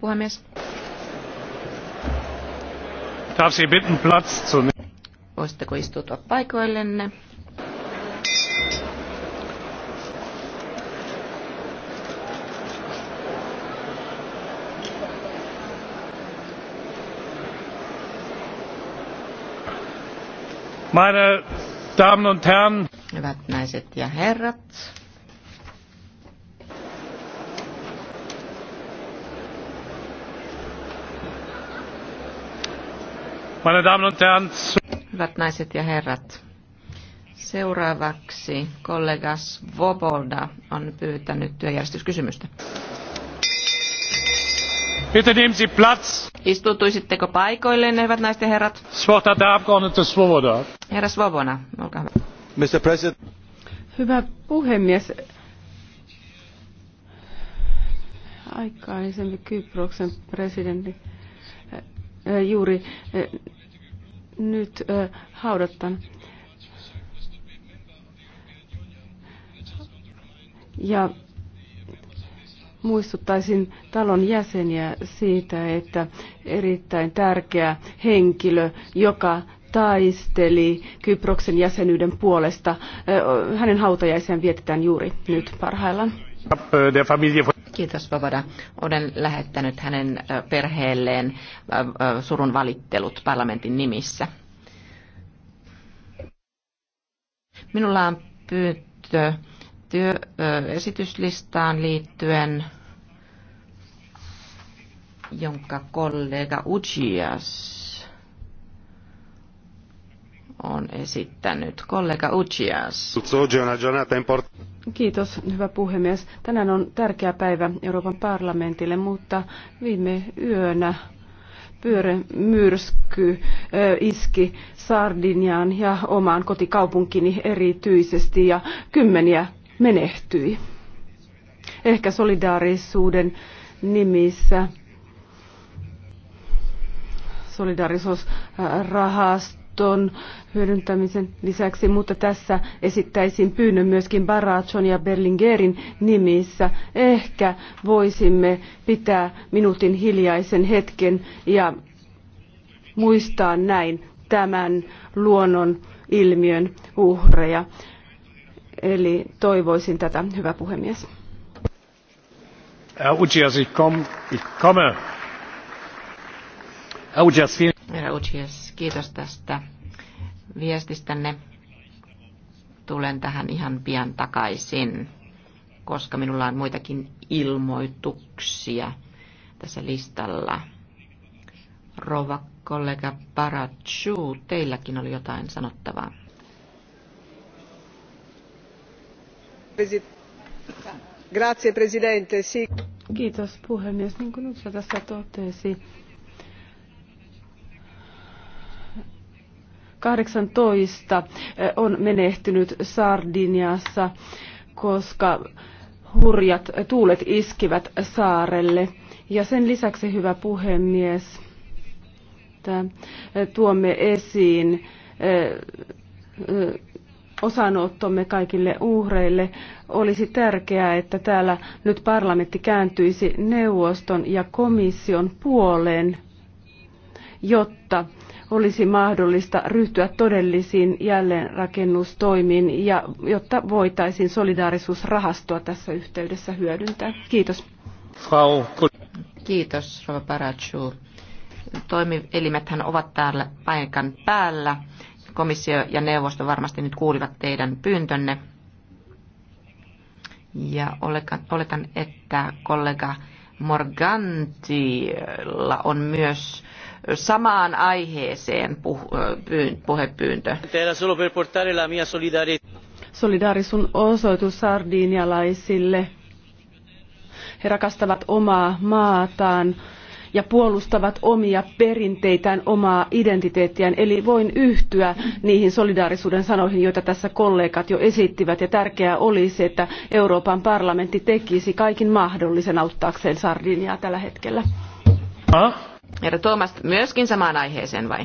Puhemies. Darf bitten, Platz zu Voisitteko istutua paikoillenne? Meine Damen und Herren. Hyvät naiset ja herrat. Meine Damen und Herren. Hyvät naiset ja herrat, seuraavaksi kollega Svoboda on pyytänyt työjärjestyskysymystä. Bitte nehmen Sie Platz. Istutuisitteko paikoilleen, hyvät naiset ja herrat? Svoboda. Herra Svoboda, olkaa hyvä. Mr. President. Hyvä puhemies, aikaisemmin Kyproksen presidentti juuri nyt haudattan. Ja muistuttaisin talon jäseniä siitä, että erittäin tärkeä henkilö, joka taisteli Kyproksen jäsenyyden puolesta, hänen hautajaisen vietetään juuri nyt parhaillaan. Äh, Kiitos Vavada. Olen lähettänyt hänen perheelleen surun valittelut parlamentin nimissä. Minulla on pyyntö työesityslistaan liittyen, jonka kollega Ujias on esittänyt kollega Uchias. Kiitos, hyvä puhemies. Tänään on tärkeä päivä Euroopan parlamentille, mutta viime yönä pyörämyrsky iski Sardiniaan ja omaan kotikaupunkini erityisesti ja kymmeniä menehtyi. Ehkä solidaarisuuden nimissä solidaarisuusrahasto käyttöönoton hyödyntämisen lisäksi, mutta tässä esittäisin pyynnön myöskin Barachon ja Berlingerin nimissä. Ehkä voisimme pitää minuutin hiljaisen hetken ja muistaa näin tämän luonnon ilmiön uhreja. Eli toivoisin tätä, hyvä puhemies. Herr Ujias, ich komme. Herr Ujias, vielen herra Uchies, kiitos tästä viestistänne. Tulen tähän ihan pian takaisin, koska minulla on muitakin ilmoituksia tässä listalla. Rova kollega Parachu, teilläkin oli jotain sanottavaa. Grazie, presidente. Kiitos puhemies. Niin kuin Utsa tässä totesi, 18 eh, on menehtynyt Sardiniassa, koska hurjat tuulet iskivät saarelle. Ja sen lisäksi, hyvä puhemies, että eh, tuomme esiin eh, osanottomme kaikille uhreille. Olisi tärkeää, että täällä nyt parlamentti kääntyisi neuvoston ja komission puoleen jotta olisi mahdollista ryhtyä todellisiin jälleenrakennustoimiin ja jotta voitaisiin solidaarisuusrahastoa tässä yhteydessä hyödyntää. Kiitos. Frau. Kiitos, Rova Paratsu. Toimielimethän ovat täällä paikan päällä. Komissio ja neuvosto varmasti nyt kuulivat teidän pyyntönne. Ja oletan, että kollega Morgantilla on myös samaan aiheeseen äh, puhepyyntö. osoitus sardinialaisille. He rakastavat omaa maataan ja puolustavat omia perinteitään, omaa identiteettiään. Eli voin yhtyä niihin solidaarisuuden sanoihin, joita tässä kollegat jo esittivät. Ja tärkeää olisi, että Euroopan parlamentti tekisi kaikin mahdollisen auttaakseen Sardiniaa tällä hetkellä. Herra Tuomas, myöskin samaan aiheeseen vai?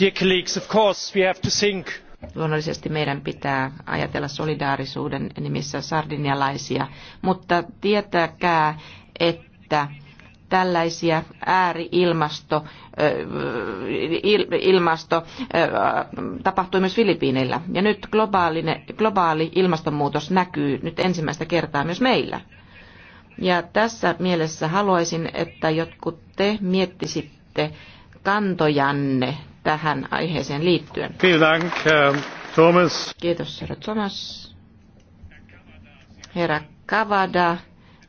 Dear colleagues, of course we have to think. Luonnollisesti meidän pitää ajatella solidaarisuuden nimissä sardinialaisia, mutta tietäkää, että tällaisia ääriilmasto il, ilmasto, tapahtui myös Filippiineillä. Ja nyt globaali, globaali ilmastonmuutos näkyy nyt ensimmäistä kertaa myös meillä. Ja tässä mielessä haluaisin, että jotkut te miettisitte kantojanne tähän aiheeseen liittyen. Dank, Thomas. Kiitos, herra Thomas. Herra Kavada,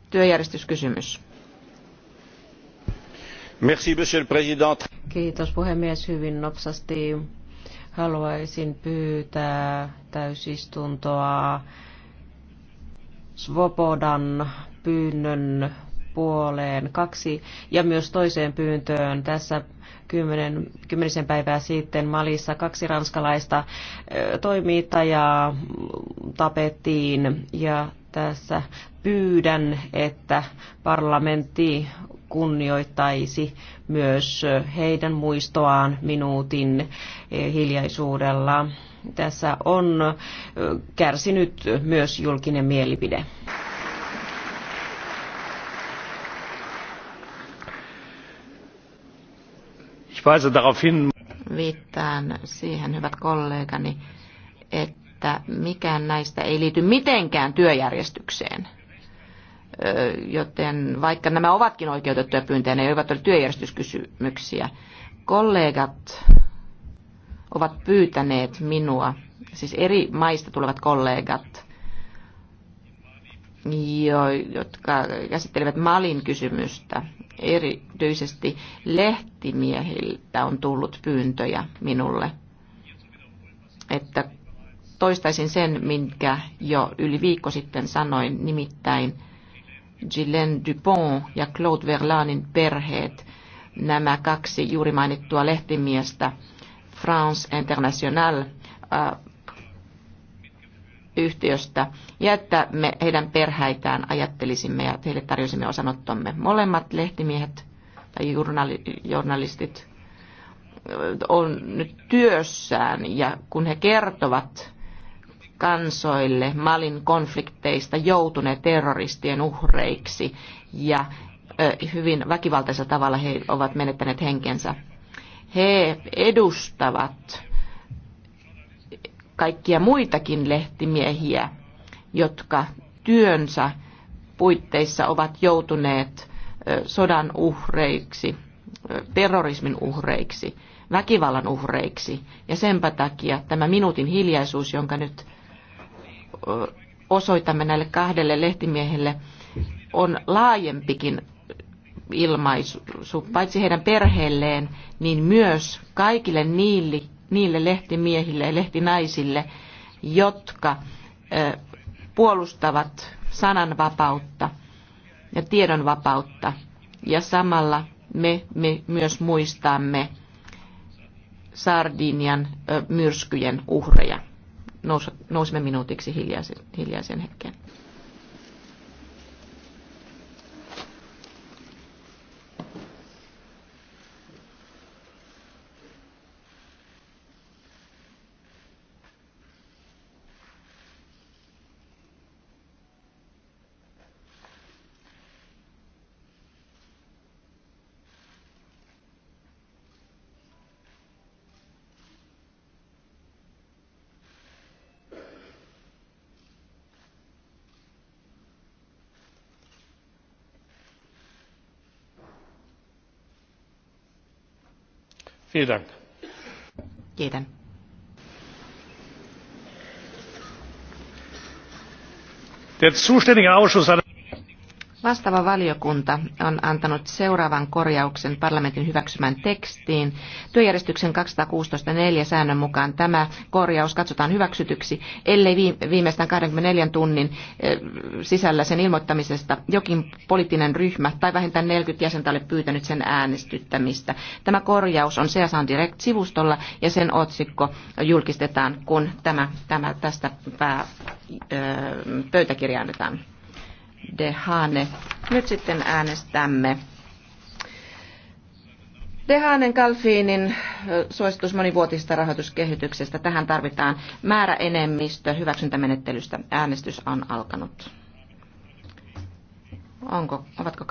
työjärjestyskysymys. Merci, monsieur le président. Kiitos puhemies hyvin nopsasti. Haluaisin pyytää täysistuntoa Svobodan pyynnön puoleen kaksi ja myös toiseen pyyntöön tässä kymmenen, kymmenisen päivää sitten Malissa kaksi ranskalaista toimittajaa tapettiin ja tässä pyydän, että parlamentti kunnioittaisi myös heidän muistoaan minuutin eh, hiljaisuudella tässä on kärsinyt myös julkinen mielipide. Viittaan siihen, hyvät kollegani, että mikään näistä ei liity mitenkään työjärjestykseen joten vaikka nämä ovatkin oikeutettuja pyyntöjä, ne eivät ole työjärjestyskysymyksiä. Kollegat ovat pyytäneet minua, siis eri maista tulevat kollegat, jo, jotka käsittelevät Malin kysymystä. Erityisesti lehtimiehiltä on tullut pyyntöjä minulle, että toistaisin sen, minkä jo yli viikko sitten sanoin, nimittäin Gilles Dupont ja Claude Verlanin perheet, nämä kaksi juuri mainittua lehtimiestä, France International äh, yhtiöstä ja että me heidän perheitään ajattelisimme ja heille tarjosimme osanottomme. Molemmat lehtimiehet tai journalistit äh, on nyt työssään ja kun he kertovat kansoille Malin konflikteista joutuneet terroristien uhreiksi ja äh, hyvin väkivaltaisella tavalla he ovat menettäneet henkensä he edustavat kaikkia muitakin lehtimiehiä, jotka työnsä puitteissa ovat joutuneet sodan uhreiksi, terrorismin uhreiksi, väkivallan uhreiksi. Ja senpä takia tämä minuutin hiljaisuus, jonka nyt osoitamme näille kahdelle lehtimiehelle, on laajempikin ilmaisu paitsi heidän perheelleen, niin myös kaikille niille, niille lehtimiehille ja lehtinaisille, jotka puolustavat sananvapautta ja tiedonvapautta. Ja samalla me, me myös muistamme Sardinian myrskyjen uhreja. Nous, nousemme minuutiksi hiljaisen, hiljaisen Vielen Jeden. Der zuständige Ausschuss Vastaava valiokunta on antanut seuraavan korjauksen parlamentin hyväksymään tekstiin. Työjärjestyksen 216.4 säännön mukaan tämä korjaus katsotaan hyväksytyksi, ellei viimeistään 24 tunnin eh, sisällä sen ilmoittamisesta jokin poliittinen ryhmä tai vähintään 40 jäsentä ole pyytänyt sen äänestyttämistä. Tämä korjaus on CSAN Direct-sivustolla ja sen otsikko julkistetaan, kun tämä, tämä tästä pää, ö, eh, pöytäkirja annetaan. Dehane. Nyt sitten äänestämme. Dehanen Kalfiinin suositus monivuotisesta rahoituskehityksestä. Tähän tarvitaan määräenemmistö hyväksyntämenettelystä. Äänestys on alkanut. Onko, ovatko